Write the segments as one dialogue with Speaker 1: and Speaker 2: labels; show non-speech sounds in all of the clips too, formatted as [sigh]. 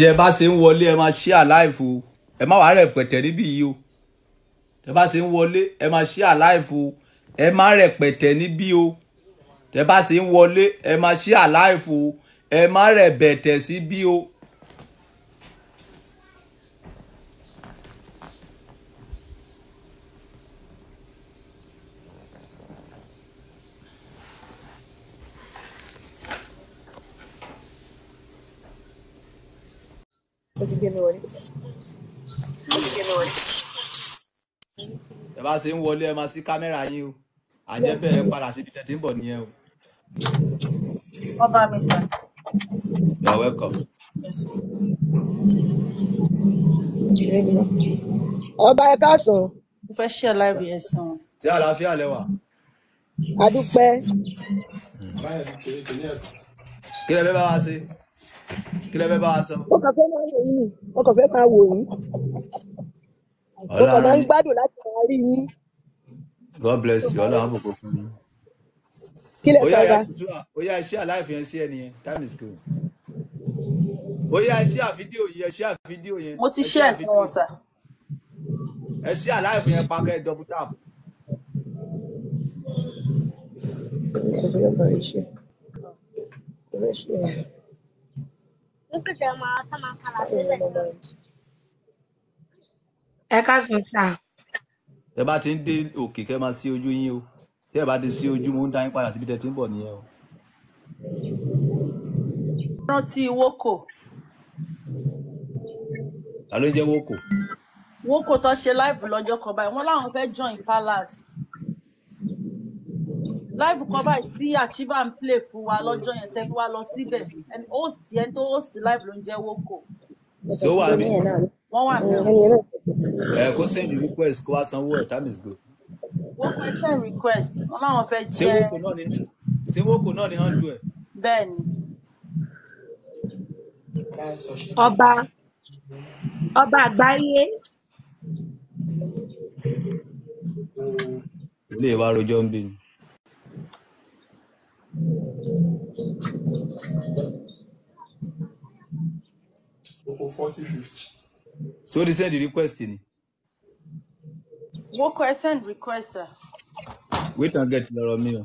Speaker 1: tí ẹ bá ṣe ń wọlé ẹ máa share live o ẹ má wàá rẹpẹtẹ níbí yìí o tẹ bá ṣe ń wọlé ẹ máa share live o ẹ má rẹpẹtẹ níbí o tẹ bá ṣe ń wọlé ẹ máa share live o ẹ má rẹbẹtẹ síbí o ó ti gbé mi wọlé. ó ti gbé mi wọlé. ẹ bá ṣe ń wọlé ẹ máa sí kámẹ́rà yín o àjẹbẹ́ ẹ padà síbi tẹ̀ tí ń bọ̀ nìyẹn o. ọba mi sà. you are ọba ẹ káàsán. mo fẹ́ ṣe aláìbí ẹ sàn. tí àlàáfíà lẹ́wà. a dúpẹ́. kí lẹ fẹ́ bá wa ṣe kí lẹ fẹ́ bá wa sọ. wọ́n
Speaker 2: kàn fẹ́ máa wò yín wọ́n kàn fẹ́ máa wò yín wọ́n kàn máa ń gbádùn láti
Speaker 1: máa rí yín. God bless you ọlọ́run àbùkù fún yín. kí lẹ fẹ́ bá. ó yá iṣẹ́ aláìfihàn sí ẹni yẹn time is good. ó yá iṣẹ́ àfídíò yẹn iṣẹ́ àfídíò yẹn. mo ti ṣe ẹ̀sìn wọn sà. ẹ ṣe aláìfihàn pakẹ́ double tap. Thank you
Speaker 2: ẹ káàsán sà
Speaker 1: ẹ bá ti ń dé òkè kẹ máa sí ojú yín o tí ẹ bá ti sí ojú mo ń dá yín padà síbi tẹ ti ń bọ̀ nìyẹn o. rántí wókò. ta ló ń jẹ́ wókò. wókò tó ṣe láìpẹ́ lọ́jọ́ kan báyìí wọ́n láwọn join palace live cover tí achiever ń play fún wa lọ́jọ́ yẹn tẹ́ fi wá lọ síbẹ̀ ẹni host yẹn tó host live ló ń jẹ́ wókò. so wà mí wọ́n wà mí. ẹ kó send request kó wá sanwó ẹ̀ time is go. wọ́n fẹ́ send request wọ́n láwọn fẹ́ jẹ́. ṣé wókò náà ni handle ẹ̀. bẹ́ẹ̀ni. ọba
Speaker 2: ọba àgbáyé
Speaker 1: ilé wa rojọ́ ń bí ni. kó forty fifty. so the send request ni.
Speaker 2: mo kọ ẹ send request.
Speaker 1: wait and get lọ́rọ̀ mi o.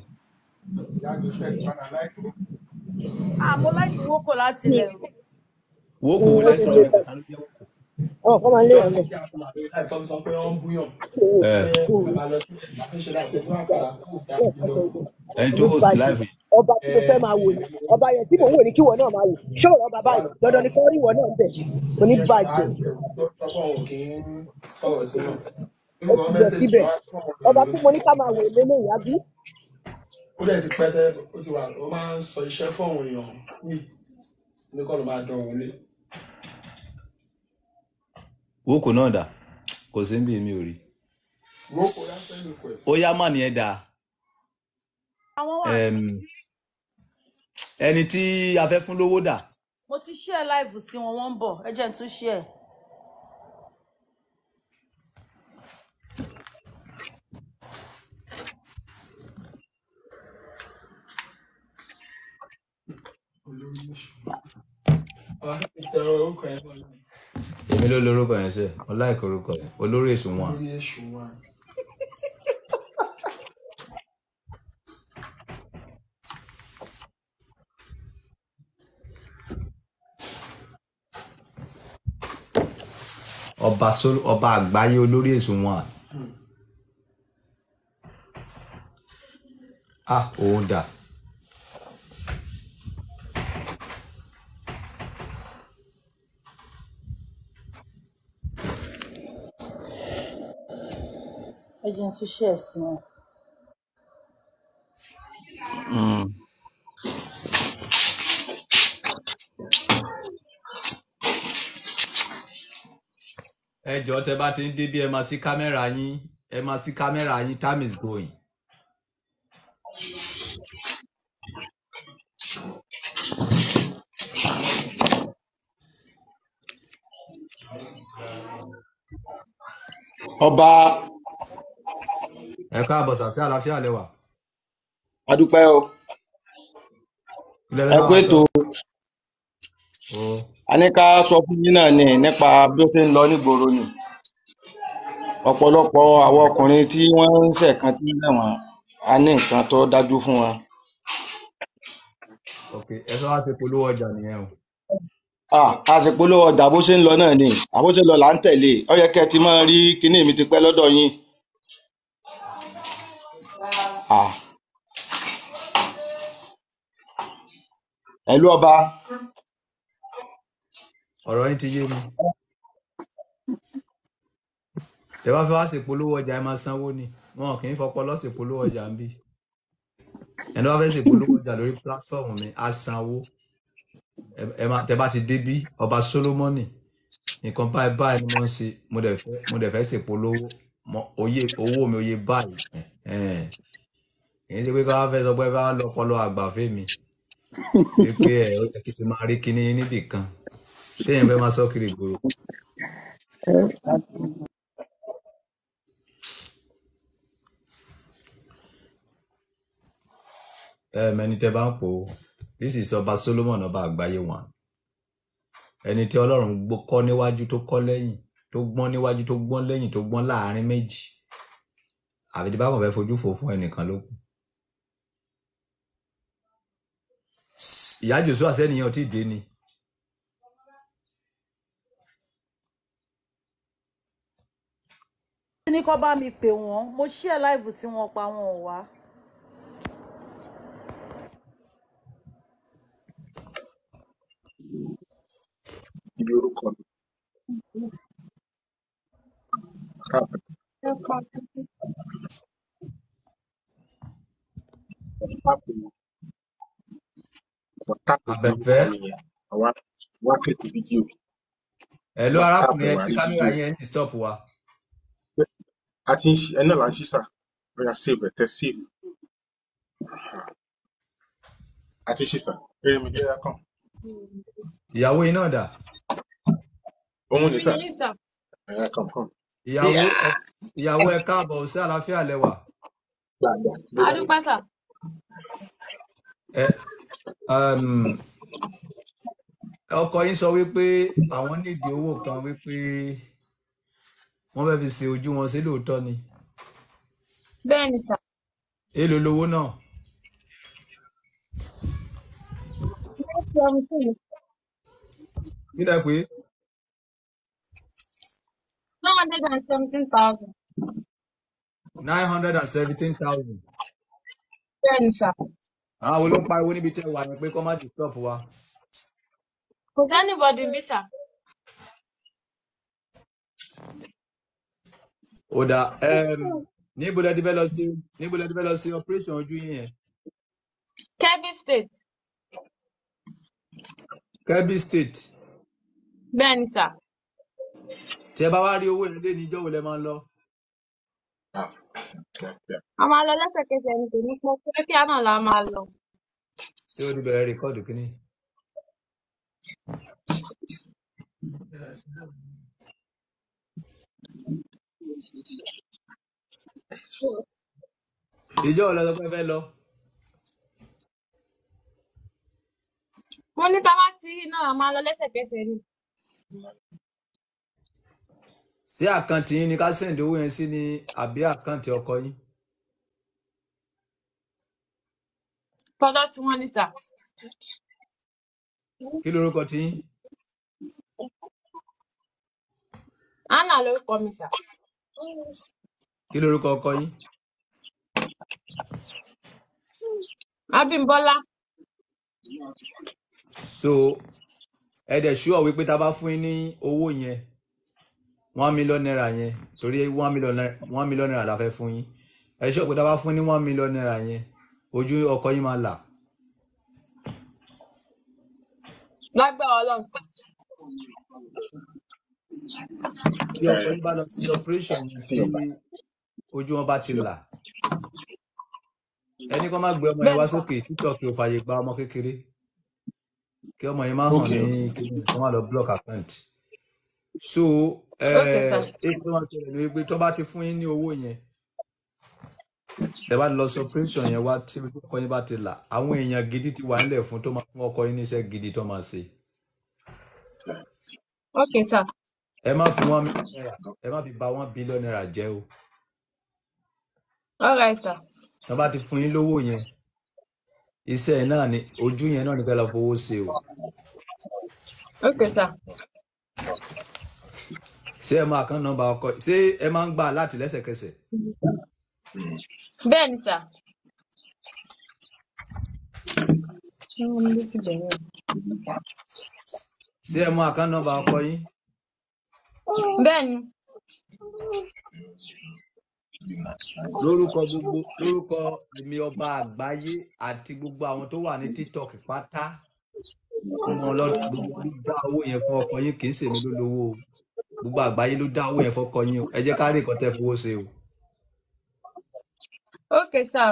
Speaker 2: àmọ́ láti wókò láti lẹ̀.
Speaker 1: wókò wọlé sọ̀rọ̀ rẹ̀ kàtà
Speaker 2: ló jẹ́ wókò ọ kọ́ máa lé ọ̀nà ẹni tó host live yẹn. ọba tí mo fẹ́ máa wò ni eh. ọba yẹn tí mò ń wò ni kí ìwọ náà máa wò ṣọ́ọ̀ ọba báyìí dandan ni kí rí ìwọ náà bẹ̀ oníbàjẹ́. ó ti jọ síbẹ̀ ọba tí mo ní ká máa wò lélẹ́yìn àbí. ó dẹ̀ ti pẹ́ tẹ́ ó ti wà ó máa ń sọ iṣẹ́ fún èèyàn ní nìkan ló máa dán òun lé.
Speaker 1: wókò náà dà kò sí bí mi ò rí. wókò láti ẹ̀ pẹ̀. ó yá mà ní ẹ̀ dáa ẹni tí a fẹ́ fún lówó dà.
Speaker 2: mo ti ṣí ẹ láìbù sí wọn wọ́n ń bọ̀
Speaker 1: ẹ jẹ́ n tún ṣí ẹ. èmi ló lórúkọ yẹn sẹ ọláìkọ orúkọ yẹn olórí èṣù wọn. ọba ọba àgbáyé olórí èso wọn. a ah, òun dà. ẹ jẹun fi ṣe ẹ̀sìn wọn. ẹ jọ̀ọ́ tẹ bá ti ń débí ẹ máa ṣí kámẹ́rà yín ẹ máa ṣí kámẹ́rà yín time is going. ọba. ẹ káàbọ̀ sàṣẹ àlàáfíà lẹ́wà. adúpẹ́ o
Speaker 2: ẹ kú ètò a ní ká sọ fún yín náà ni nípa bí ó ṣe ń lọ nígboro ni ọ̀pọ̀lọpọ̀ àwọn ọkùnrin tí wọ́n ń ṣẹ̀kan tí ń rẹ̀ wọ́n ní nǹkan tó dájú fún wọn.
Speaker 1: ok ẹ sọ wá ṣe polówó ọjà nìyẹn
Speaker 2: o. a ṣe polówó ọjà bó ṣe ń lọ náà ni àbó ṣe ń lọ là ń tẹ̀lé ó yẹ kẹ́ ẹ ti máa rí kinní mi ti pẹ́ lọ́dọ̀ yín.
Speaker 1: ẹ̀lú ọba ọ̀rọ̀ yín ti yé mi ẹ bá fẹ́ wá ṣèpolówó ọjà ẹ máa sanwó ni wọn kì í fọpọlọ ṣèpolówó ọjà ń bí ẹni wá fẹ́ ṣèpolówó ọjà lórí platform mi á sanwó tẹ bá ti débí ọba Solomoni nǹkan báyìí báyìí ni mo ń ṣe mo dẹ̀ fẹ́ ṣèpolówó oye owó mi oye báyìí kì í ṣe pé káwá fẹ́ sọ pé káwá lọ́pọlọ àgbàfẹ́ mi pé ẹ̀ ó yẹ kí n ti máa rí kinní níbì kan téèyàn fẹ́ máa sọ kiri ìgboro. ẹni tẹ́ bá ń pò ó this is ọba Solomon ọba àgbáyé wọn ẹni tí Ọlọ́run kọ́ níwájú tó kọ́ lẹ́yìn tó gbọ́n níwájú tó gbọ́n lẹ́yìn tó gbọ́n láàrin méjì àbí tí báwọn fẹ́ fojú fò fún ẹnìkan ló kù. ìyá Jòsúà sẹ́niyàn tí ì dé ni.
Speaker 2: ní kó bá mi pè wọ́n mo share live tí wọ́n pa wọn ò wá. ibi orúkọ mi. Abẹ́fẹ́. Wá kéèkì fídíò. Ẹ ló arákùnrin ẹ sí kámẹ́rà yẹn ní stop wa a ti ń ṣí, ẹni náà là ń ṣí sà. Óyá save ẹ̀, tẹ save.
Speaker 1: A ti ṣí sà. Erémidé á kàn. Ìyàwó yín náà dà? Òun ni sà. Ẹ̀yà kàn kàn. Ìyàwó ìyàwó ẹ káàbọ̀ sí àlàáfíà lẹ́wà. A dúpẹ́ sà. Ẹ um, ọkọ yín sọ wípé àwọn nídìí owó kan wípé wọ́n fẹ́ fi ṣe ojú wọn ṣe lóòótọ́ ni. bẹ́ẹ̀ ni sà. èló lowó náà. kí dà pé.
Speaker 2: nine hundred and seventeen thousand.
Speaker 1: nine hundred and seventeen thousand. bẹ́ẹ̀ ni sà. àwọn olóńpariwo níbi tẹ́ wà ní pé kó má disturb wa.
Speaker 2: kò sẹ́ni bọ̀dì bí sà.
Speaker 1: ó dà um, níbo lẹ ti fẹ́ sí níbo lẹ ti sí operation ojú yín yẹn.
Speaker 2: Kebbi State.
Speaker 1: Kebbi State. bẹ́ẹ̀ni sà. tí ẹ bá wá rí owó yẹn níjọ́ wo lẹ máa ń lọ.
Speaker 2: a máa lọ lẹ́sẹ̀kẹsẹ̀ ní tèmi pé kíákíá náà la máa lọ.
Speaker 1: ṣé o ti bẹ̀rẹ̀ rìkọ́ọ̀dù kínní ìjọ ọ̀lọ́dọ̀ pé fẹ́ lọ.
Speaker 2: mo ní tá a bá ti rí náà máa lọ lẹ́sẹ̀kẹsẹ̀ ni.
Speaker 1: ṣé àkáǹtì yín ni ká sẹ́ǹdì owó yẹn sí ni àbí àkáǹtì ọkọ yín.
Speaker 2: fọdọ tí wọn ní sà.
Speaker 1: kí lorúkọ tí yín.
Speaker 2: anna lorúkọ mi sà.
Speaker 1: Kí lorúkọ ọkọ yín? Abímbọ́lá. So ẹ dẹ̀ ṣúọ̀ wípé tá a bá fún yín ní owó yẹn one million naira yẹn torí one million naira one million naira la fẹ́ fún yín ẹ ṣúọ̀ pé tá a bá fún yín ní one million naira yẹn ojú ọkọ yín máa là.
Speaker 2: Lágbára Ọlọ́run bí ọkọ yín
Speaker 1: bá lọ sí operation tí ojú wọn bá ti là ẹni kan má gbé ọmọ yẹn wá sókè tiktok ò fàyè gba ọmọ kékeré kí ọmọ yẹn má hàn ní kíni kí wọn lọ block account so ẹ ẹ tí wọn sọ ní pé tó bá ti fún yín ní owó yẹn ẹ bá lọ sí operation yẹn wá tí ọkọ yín bá ti là àwọn èèyàn gidi ti wà nílẹ̀ fún tó máa fún ọkọ yín níṣẹ́ gidi tó máa ṣe. ok sir ẹ má fi one million naira ẹ má fi bà one billion naira jẹ́ o. all right sir. tí wọ́n bá ti fún yín lówó yẹn iṣẹ́ yẹn náà ni ojú yẹn náà ni kẹ́lá fowó ṣe o. ok sir. ṣé ẹ máa kán nọ́mbà ọkọ ṣé ẹ máa ń gbà láti lẹ́sẹ̀kẹsẹ̀. bẹ́ẹ̀ ni sà. ṣé ẹ máa kán nọ́mbà ọkọ yín. Bẹ́ẹ̀ni. Lórúkọ gbogbo lórúkọ èmi ọba àgbáyé àti gbogbo àwọn tó wà ní TikTok pátá fún wọn lọ́dún dá owó yẹn fún ọkọ yín kì í ṣèmi ló lówó o. Gbogbo àgbáyé ló dá owó yẹn fọkọ yín o. Ẹ jẹ́ ká rí nǹkan tẹ́ fowó ṣe o.
Speaker 2: Okay sir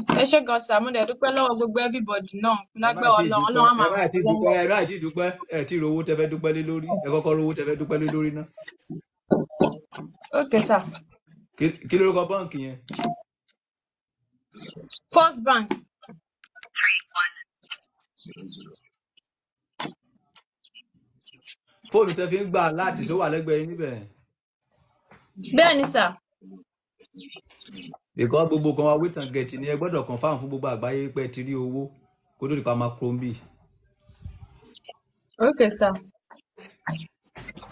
Speaker 2: ẹ ṣe gan sàmú dẹ dúpẹ́ lọ́wọ́
Speaker 1: gbogbo everybody náà lágbára Ọlọ́run Ọlọ́run àmà ẹ ti dúpẹ́ ẹ máa ti dúpẹ́ ẹ ti rówó tẹfẹ dúpẹ́ lé lórí ẹ kọ́kọ́ rówó tẹfẹ dúpẹ́ lé lórí náà. Ok, sir. kí lórúkọ báǹkì yẹn. first bank. fóònù tẹ fi ń gbà láti sọ wà lẹ́gbẹ̀ẹ́ níbẹ̀. bẹ́ẹ̀ ni sà because gbogbo kan wa wait and get ni ẹ gbọ́dọ̀ confirm fún gbogbo àgbáyé pé ti rí owó kó tó di pa máa kúrò ń bì. ok sir.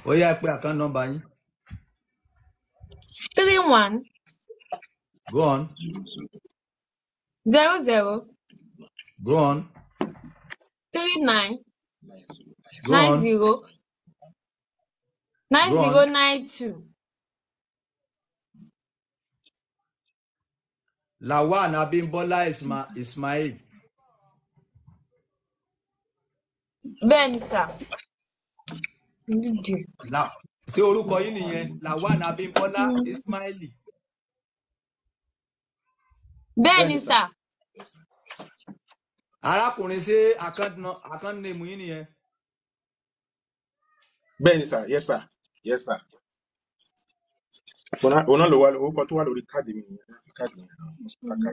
Speaker 1: ó yá pé account number yín.
Speaker 2: three one. go on. zero zero. go on. three nine. go nine zero. nine zero nine two.
Speaker 1: lawan abimbola isma ismail. bẹ́ẹ̀ni sà. ṣé orúkọ yín nìyẹn lawan abimbola ismail. bẹ́ẹ̀ni sà. arákùnrin ṣé àkáǹtì nìmú yín nìyẹn. bẹ́ẹ̀ni sà yes sà yes sà
Speaker 2: òun náà ló wá orúkọ tó wà lórí káàdì mi nìyẹn láti káàdì mi náà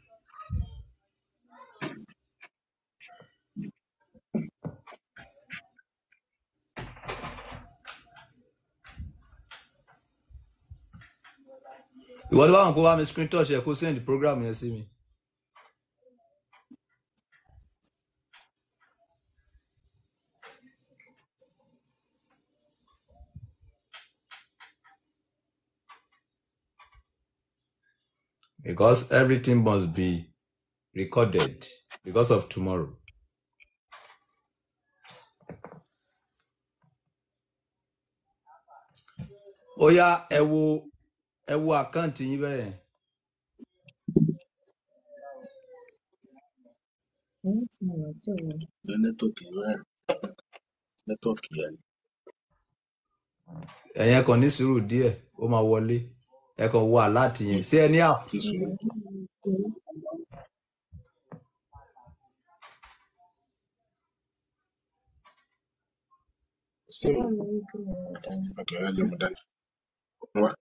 Speaker 1: ìwọ ló bá wọn kó bá mi screen touch ẹ kó send program yẹn sí mi. because everything must be recorded because of tomorrow. Ó yá ẹ wo ẹ wo àkáǹtì yín bẹ́ẹ̀ yẹn. nẹ́tọ̀kì náà nẹ́tọ̀kì yẹn ni. ẹ̀yẹn kan ní sùúrù díẹ̀ ó máa wọlé ẹ kàn wo àláàtì yẹn sí ẹ ní àpò.
Speaker 2: Okay, I'll let you down. That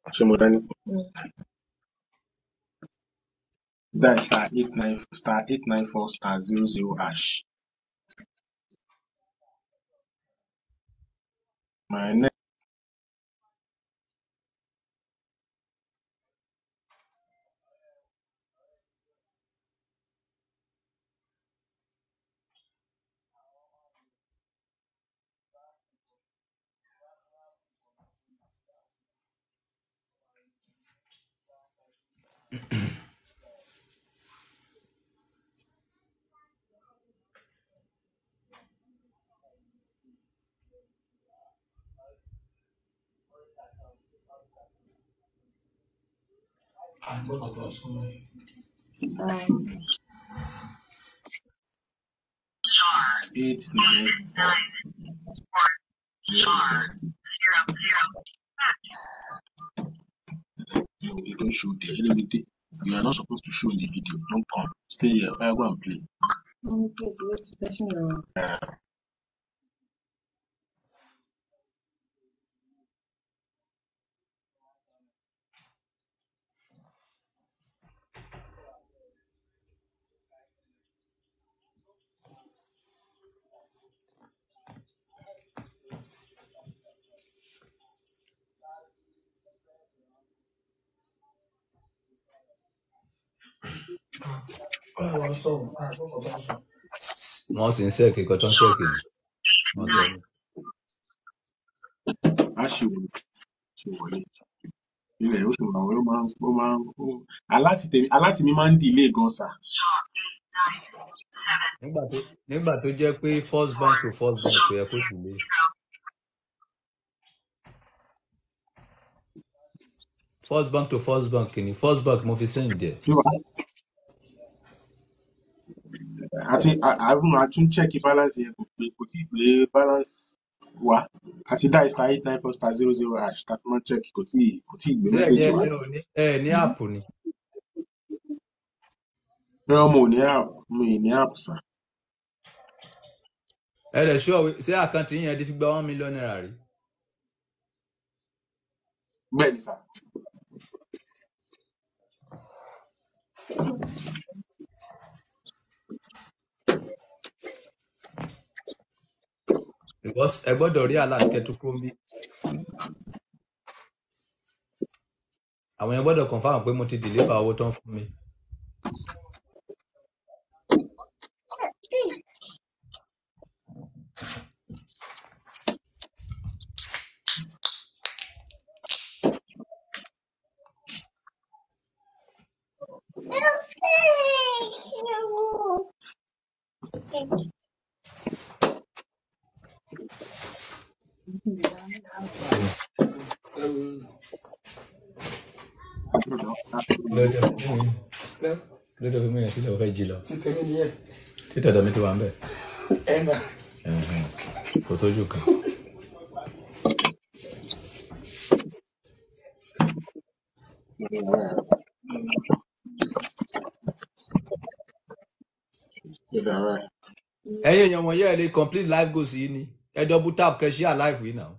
Speaker 2: is star eight nine star eight nine four star zero zero hash. My i You, you don't show the enemy. You are not supposed to show in the video. Don't pump. Stay here. I go and play. Please wait. Let me know.
Speaker 1: wọ́n sì ń sẹ́ẹ̀kì kọ́ tó ń sẹ́ẹ̀kì wọ́n sọ ní. a ṣe wọlé ṣe wọlé ilẹ̀ ó ṣe wọlé ó máa ń
Speaker 2: ó máa ń ó aláti mi máa ń dìlé gan sà.
Speaker 1: nígbà tó jẹ́ pé first bank to first bank kò yẹ kó sì lé. first bank to first bank ni first bank mo fi sẹ́yìn díẹ̀ àti
Speaker 2: àrùn àtún check balance yẹn kò pé kò tí ì gbé balance wa. àti dá star eight nine plus star zero zero hash tá a check kò tí ì kò tí ì gbé message wá.
Speaker 1: ẹ ẹ ní app ni. ẹ ọmọ ò ní app mi ì ní app sá. ẹ lè ṣọ́ ṣé àkáǹtì yẹn ti fi gba one million naira rí. bẹ́ẹ̀ sá. because ẹ gbọ́dọ̀ rí aláàkẹ́ tó kúrò ń bí. àwọn yẹn gbọ́dọ̀ confirm pé mo ti deliver owó tó ń fún mi. Thank you. lọ́dọ̀ fún ẹ̀ lè complete life goals yìí ni ẹ double tap kẹ ṣí àláìfù yìí náà.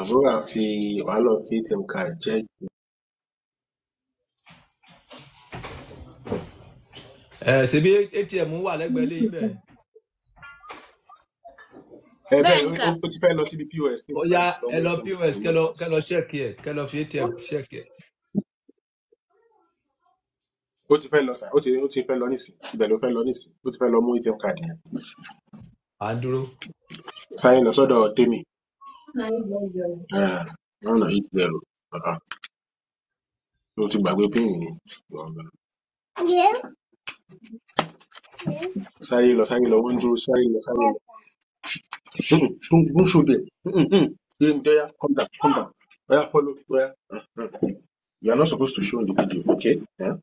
Speaker 1: àbúrò àti wàhálà tí tìǹkà jẹ́ jù. ẹ ṣe bí atm wà lẹ́gbẹ̀ẹ́ lẹ́yìn bẹ́ẹ̀.
Speaker 2: ẹ bẹ́ẹ̀
Speaker 1: o ti fẹ́ lọ síbi pos. ó yá ẹ lọ pos kẹ lọ ṣẹ́ẹ̀kì ẹ kẹ lọ fi atm ṣẹ́ẹ̀kì ẹ.
Speaker 2: ó ti fẹ́ lọ sà ó ti ó ti fẹ́ lọ nísìn ibẹ̀ ló fẹ́ lọ nísìn ó ti fẹ́ lọ mú atm card yẹn. à ń dúró. sáyé lọ sọ́dọ̀ tèmi. ọ̀nà ah, eight zero ló ti gbàgbé pín ìrìn. Sáyilo, sáyilo, one rule, sáyilo, sáyilo. Mm-mm, Don't, hmm, don't hmm, shoot there. Mm-mm, mm. There, come down, come down. Where, follow, where. Hmm, you are not supposed to show in the video, okay? Yeah.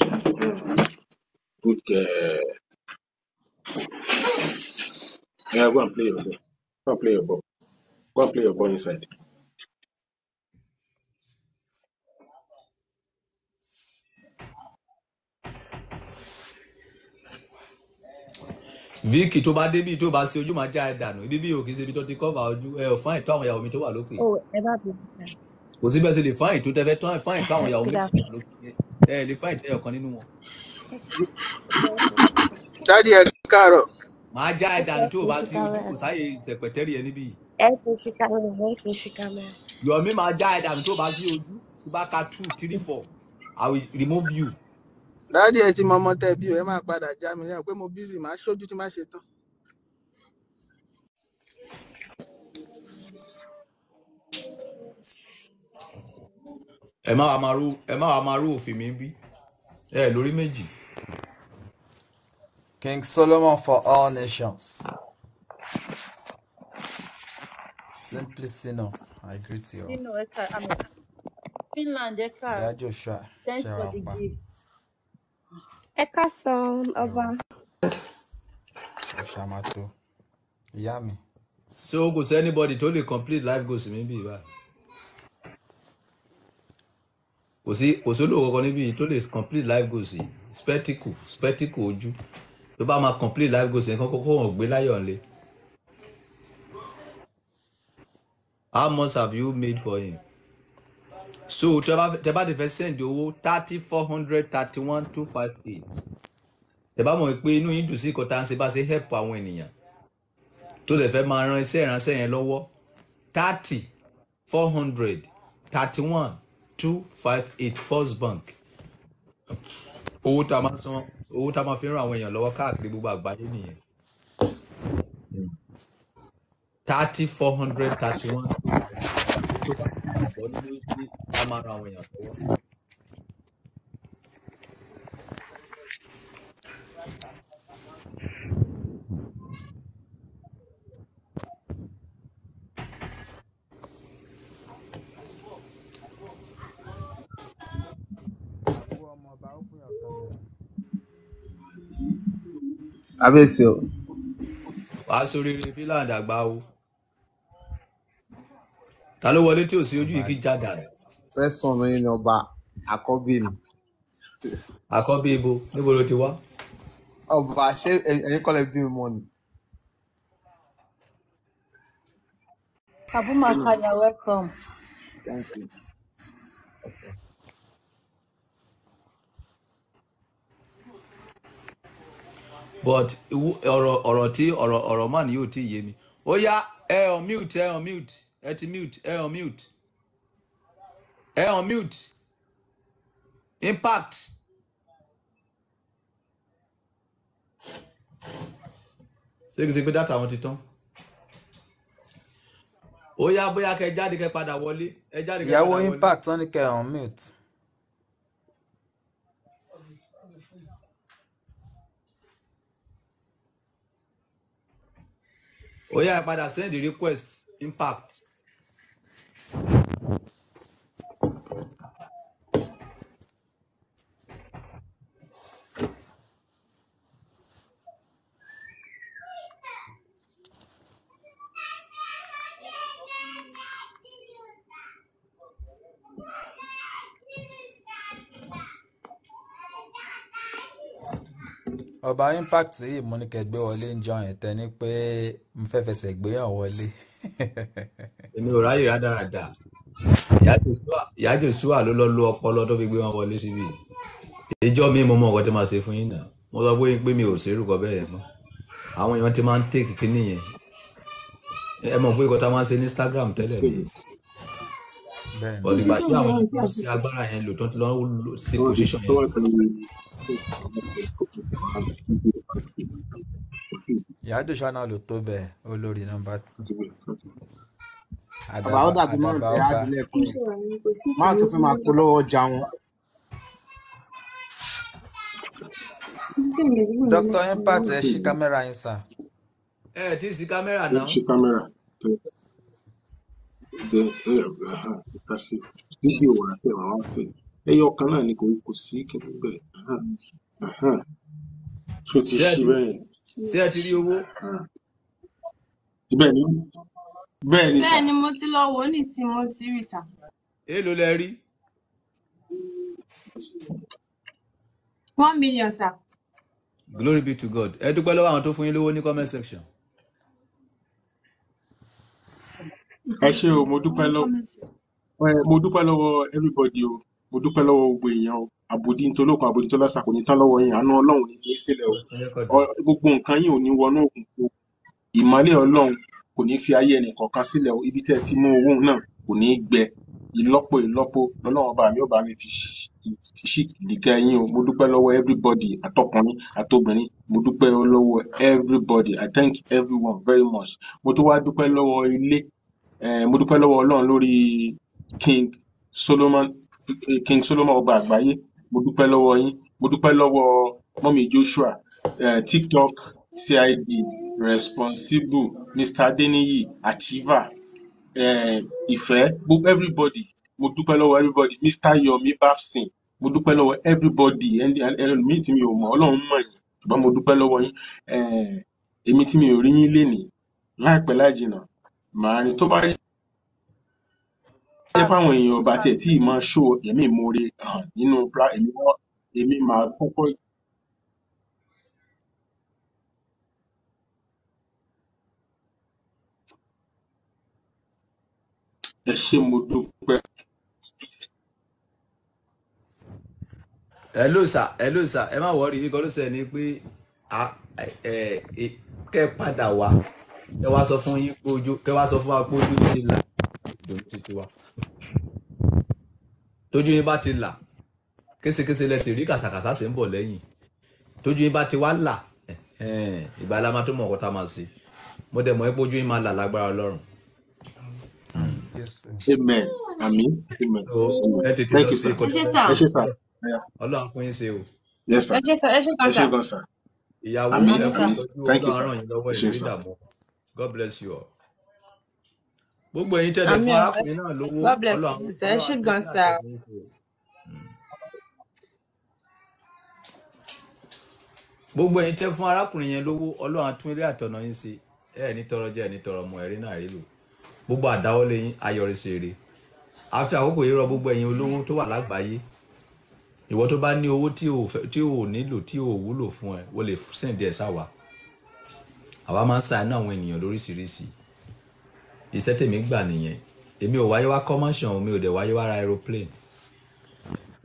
Speaker 2: Mm. Good girl. Yeah, go and play your ball. Go and play your ball. Go and play your ball inside.
Speaker 1: Vicky tó bá débi tó bá ṣe ojú máa já ẹ dànù ibi bí òkè ṣebi tó ti kọ́ ojú ẹ ò fáìn tó àwọn ìyàwó mi tó wà lókè. o
Speaker 2: oh, ẹ bá bí mi.
Speaker 1: kò síbẹ̀ ṣe lè fáìn tó tẹ́fẹ́ tán fáìn tó àwọn ìyàwó mi tó wà lókè ẹ lè fáìn ẹ ọ̀kan nínú wọn. dádì ẹ káàárọ̀. màá já ẹ dànù tó o bá sí ojú kò sáyè tẹ̀pẹ̀tẹ́rì ẹ níbí.
Speaker 2: ẹ kò sí kámẹ́rà ẹ kò sí kámẹ́rà.
Speaker 1: yọ̀mí màá já ẹ dànù tó o bá sí ojú tó bá ka two three four I will remove you
Speaker 2: dáàdì ẹ ti mọ ọmọ tẹ bí o ẹ máa padà já mi lẹ́yìn pé mo bízì máa ṣojú tí máa ṣe tán.
Speaker 1: ẹ má wàá máa ẹ má wàá máa òfin mi bí ẹ lórí méjì. King Solomon for all nations. Simply Sino, I greet you. Sino, Eka,
Speaker 2: Finland, Eka. Yeah, Joshua. Thanks for the gift. Ẹ káàsán ọba.
Speaker 1: Mo ṣá máa tó. Ìyá mi. Ṣé o kò tẹ́ anybody tó lè complete life goals mi bí báyìí? Kò sí kò sólò kankan níbí tó lè complete life goals yìí. Spectacle spectacle ojú. Tó bá máa complete life goals yẹn kọ́kọ́ kó hàn gbé láyọ̀ ńlẹ̀. How much have you made for him? so tẹ bá ti fẹ́ send owó thirty four hundred thirty one two five eight tẹ bá mọ̀ pé inú yín dùn sí ìkọta ṣe bá ṣe help àwọn ènìyàn tó lè fẹ́ máa ran iṣẹ́ ìránṣẹ́ yẹn lọ́wọ́ thirty four hundred thirty one two five eight first bank owó tá a máa san owó tá a máa fi ran àwọn èèyàn lọ́wọ́ káàkiri gbogbo àgbáyé nìyẹn hmm. thirty four hundred thirty one two five eight tó bá kọ́ nínú ìdí a máa ran àwọn èèyàn lọ́wọ́. abẹ́sẹ̀ o. wàá sórí ilé fílàndà gbá o ta ló wọlé tí ò sí ojú yìí kí jáda rẹ. fẹsàn mi ni ọba àkọ́bí mi. àkọ́bí ibo níbo ló ti wá. ọba ṣé ẹ̀yin kọ́lẹ̀ bí mi mọ́ ni.
Speaker 2: Kabumaka, you're welcome. Thank you.
Speaker 1: but ọ̀rọ̀ ọ̀rọ̀ tí ọ̀rọ̀ ọ̀rọ̀ man yóò ti yé mi ó yá ẹ on mute ẹ on mute ẹ ti mute ẹ on mute ẹ on mute impact. ṣé kìí ṣe pé dátà wọn ti tán ó yá bóyá kẹ jáde kẹ padà wọlé ẹ jáde kẹ padà wọlé. ìyàwó impact tán ni kẹ on mute. ó yá padà send request impact. bá impact yìí mo ní kẹgbẹ́ wọlé ń jọyìn tẹ ni pé mo fẹ́ fẹsẹ̀ gbéyàn wọlé. èmi ò ráyè rádaràdà ìyá Joshua ló lọ́ọ́ lo ọpọlọ tó fi gbé wọn wọlé síbi ìjọ mi mo mọ ọ̀gọ́ tí màá ṣe fún yín náà mo sọ fún yín pé mi ò ṣerú kọ bẹ́ẹ̀ mọ́ àwọn èèyàn ti máa ń tèkì kí nìyẹn ẹ mọ̀ pé ìkọ́ta máa ń ṣe ní Instagram tẹ́lẹ̀ mi ọ̀dìgbà tí àwọn tó ń ṣe agbára yẹn lò tó ń lọ ṣe position yẹn. yàdù sànà ló tó bẹ́ẹ̀ olórí nọ́mbà tù. àbá ó dàbí mọ́ ìgbà àdìlẹ̀ kù máa tún fi máa polówó ọjà wọn. dr impact ẹ ṣí kámẹ́rà yín sàn. ẹ ti ṣí kámẹ́rà náà. ṣí kámẹ́rà
Speaker 2: kan sí fídíò àti ẹ̀rọ sí ẹyọ kan náà ni kò kò sí kí n bẹ̀
Speaker 1: tó ti ṣí bẹ́ẹ̀. ṣé ẹ ti rí owó. bẹ́ẹ̀ ni bẹ́ẹ̀ ni sà.
Speaker 2: bẹ́ẹ̀ ni mo ti lọ wò ó nísìnyí mo ti rí sà. èèlò lẹ rí. one million sà.
Speaker 1: glory be to God ẹ dúpẹ́ lọ́wọ́ àwọn tó fún yín lówó ní comment section. ẹ ṣé o
Speaker 2: mo dúpẹ́ lọ́wọ́. Ẹ, mo dúpẹ́ lọ́wọ́ everybody o. Mo dúpẹ́ lọ́wọ́ gbogbo èèyàn o. Àbòdìntolókun, àbòdìntolọ́sà kò ní tán lọ́wọ́ yín. Àánú Ọlọ́run ní fi í sílẹ̀ o. Ọ- Gbogbo nǹkan yín ò ní wọnú òkùnkùn o. Ìmọ́lẹ̀ Ọlọ́run kò ní fi ayé ẹnì kọ̀ọ̀kan sílẹ̀ o. Ibi tẹ́ ẹ ti mú owó náà kò ní gbẹ. Ìlọ́po ìlọ́po lọ́lọ́run ọba mi ò bá mi fi ṣí ìdìkẹ́ yín o. Mo dúpẹ́ lọ́wọ́ everybody àtọkùnrin àtobìnrin. Mo dúpẹ́ lọ́wọ́ everybody. I thank everyone very much. Mo tún wá dúpẹ́ lọ́wọ́ ilé. mo dúpẹ́ lọ́wọ́ Ọlọ́run lórí King Solomon King Solomon ọba àgbáyé mo dúpẹ́ lọ́wọ́ yín mo dúpẹ́ lọ́wọ́ mọ́mí Joshua eh, TikTok CID Responsible Mr. Deniyi Achieva eh, Ìfẹ́ gbogbo everybody mo dúpẹ́ lọ́wọ́ everybody Mr. Yomi Babson mo dúpẹ́ lọ́wọ́ everybody ẹni ẹlòmíì tí mi ò mọ̀ Ọlọ́run mọ̀ yín ṣùgbọ́n mo dúpẹ́ lọ́wọ́ yín eh, èmi tí mi ò rí yín lénìí láìpẹ́ láì màá ní tó bá jẹ́ páwọn èèyàn ò bá tiẹ̀ tíì máa show ẹ̀mí ìmoore hàn nínú pla- èmi wọ́n, èmi máa kọ́kọ́ ẹ ṣé mo dúpẹ́.
Speaker 1: hello sir hello sir ẹ má wọrí yìí kọ́ ló sẹ́ni pé a- ẹ- ẹ- ẹ- kẹ́ ẹ padà wá kẹ́ wá sọ fún yín pé ojú kẹ́ wá sọ fún wa pé ojú ti là ìdòwú tuntun wa tójú yín bá ti là késekése lẹsìn rí kàsàkàsà sí ń bọ̀ lẹ́yìn tójú yín bá ti wá là ìgbà la máa tó mọ ọkọ tá a máa ṣe mo dẹ̀ mọ́ ẹ́ pójú yín máa là lágbára ọlọ́run. amen àmín. ẹ tètè lọ sí kọjá ẹ ṣe sá ọlọ́run fún yín ṣe o. ẹ ṣe gan sá ìyàwó ìyàwó ìtọ́jú ọlọ́run ràn yín lọ́wọ́ ìlú ìdààmú God bless you all gbogbo ẹ̀yin tẹ́lẹ̀ fún arákùnrin náà lówó Ọlọ́run ṣe ṣe gan sa. gbogbo ẹ̀yin tẹ́ fún arákùnrin yẹn lówó Ọlọ́run atún ilé àtọ̀nà yín sí ẹ ní tọrọ jẹ ní tọrọ mọ ẹrí náà rí lò gbogbo àdáwọ́lé yín ayọrísí rere àfi àkókò yìí rọ gbogbo ẹ̀yin olówó tó wà lágbàáyé ìwọ tó bá ní owó tí ò nílò tí ò wúlò fún ẹ wọ́n lè sẹ́ǹdì sáwà àwa máa ń sàánú àwọn ènìyàn lóríṣiríṣi iṣẹ́ tèmi gbà nìyẹn èmi ò wáyé wá commotion mi ò dẹ̀ wáyé wá ra aeroplane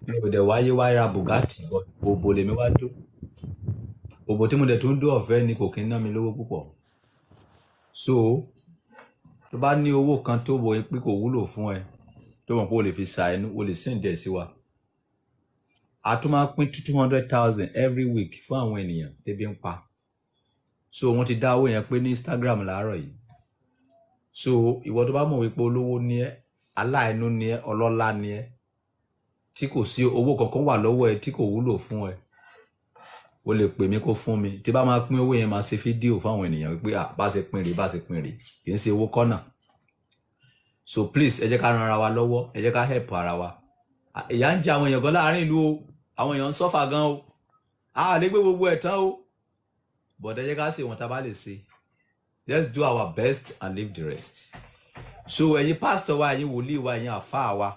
Speaker 1: mi ò dẹ̀ wáyé wá ra Bugatti òbò lèmi wá dó òbò tí mo dẹ̀ tún dó ọ̀fẹ́ ni kò kí ń ná mi lówó púpọ̀ so tó bá ní owó kan tó wọ pé kò wúlò fún ẹ tó mọ̀ pé o lè fi sa ẹnu o lè send ẹ̀ sí wa a tún máa pín two hundred thousand every week fún àwọn ènìyàn tẹ́bí ń pa so wọ́n ti dá owó yẹn pé ní Instagram láàárọ̀ yìí so ìwọ tó bá mọ̀ wípé olówó ni ẹ́ aláìnú ni ẹ́ ọlọ́lá ni ẹ́ tí kò sí owó kankan wà lọ́wọ́ ẹ tí kò wúlò fún ẹ o lè pè mí kó fún mi tí bá máa pín owó yẹn máa ṣe fídíò fáwọn ènìyàn wípé à bá ṣe pín rèé bá ṣe pín rèé kì í ṣe owó kọ́nà so please ẹ jẹ́ ká ran ara wa lọ́wọ́ ẹ jẹ́ ká help ara wa ìyà ń jẹ àwọn èèyàn gan láàrin ìlú o àwọn èèyàn ń sọ́fà gan o a lè gbé gbogbo ẹ̀ tán o bọ̀dẹ́ jẹ́ ká ṣe wọn tá a bá lè ṣe let's do our best and leave the rest so when you pastor wa ẹ̀yin wòlíì wa ẹ̀yin àfáà wa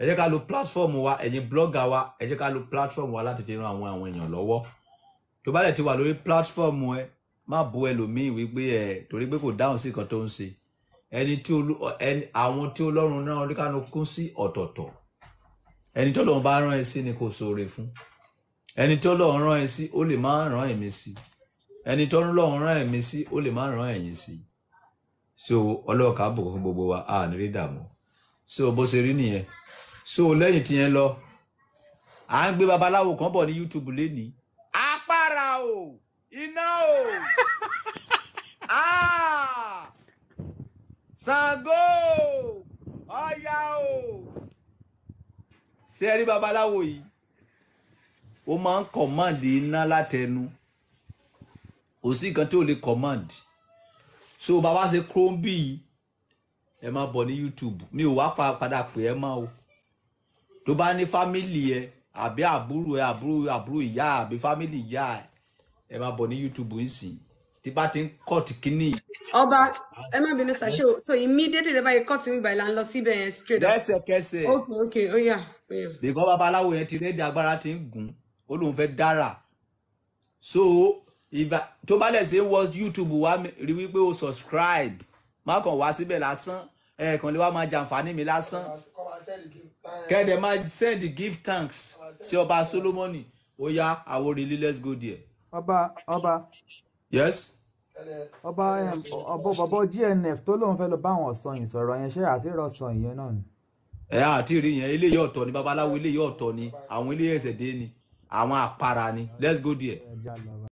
Speaker 1: ẹ jẹ́ lo platform wa ẹ̀yin blogger wa ẹ jẹ́ lo platform wa láti fi ran àwọn àwọn èèyàn lọ́wọ́ tó bá dẹ̀ ti wà lórí platform ẹ Ma bo ẹlòmíì wípé ẹ torí pé kò dáhùn sí nǹkan tó ń ṣe ẹni tí olú ẹni àwọn tí Ọlọ́run náà oníkanu kún sí ọ̀tọ̀ọ̀tọ̀ ẹni tí Ọlọ́run bá rán ẹ sí ni kò ṣoore fún ẹni tí Ọlọ́run rán ẹ sí ó lè má rán ẹ̀mí sí i ẹni tó ń lọ́run rán ẹ̀mí sí ó lè má rán ẹ̀yìn sí so ọlọ́ọ̀ká bùkún fún gbogbo wa a ní dààmú so bó ṣe rí nìyẹn so lẹ́yìn tiyẹn lọ à ń gbé babaláwo kan bọ̀ ní YouTube lẹ́nìí apára o iná o [laughs] ah! Ṣàngó Ọya o ṣe rí babaláwo yìí ó máa ń kọ̀ máàlì iná látẹnu kò sí nǹkan tí ò lè command so bàbá ṣe crombi ẹ máa bọ̀ ní YouTube mi ò wá padà pè ẹ́ mọ́ o tó bá ní fámìlì ẹ àbí àbúrò ẹ àbúrò àbúrò ìyá àbí fámìlì ìyá ẹ máa bọ̀ ní YouTube ń sìn tí bá ti ń kọ́ ti kínní. ọba ẹ má bínú sàṣẹ o so immediately lè bá yẹ kọ́ mi báyìí la ń lọ síbẹ̀ yẹn straight up. lẹ́sẹ̀kẹsẹ̀ ok ok yeah. yá. bìkọ́ babaláwo yẹn ti rédí agbára ti ń gùn ó lóun fẹ́ dára so ìbá tó bá lẹ̀ ṣe wọ YouTube wá rí wípé o subscribe má kàn wá síbẹ̀ lásán ẹ̀ẹ̀kan lè wá máa jàǹfààní mi lásán kẹ́dẹ̀ máa send give thanks sí ọba Solomoni ó yá àwòrán let's go there. ọba ọba. yes ọba ọbọ bọbọ GNF tó lóun fẹ́ lọ bá àwọn ọsàn yìí sọ̀rọ̀ yẹn ṣe àti ìrọsàn yìí náà ni. ẹ àti ìrì yẹn eléyìí ọ̀tọ̀ ni babaláwo eléyìí ọ̀tọ̀ ni àwọn eléyìí ẹsẹ dé ni àwọn àpárá ni let's go there.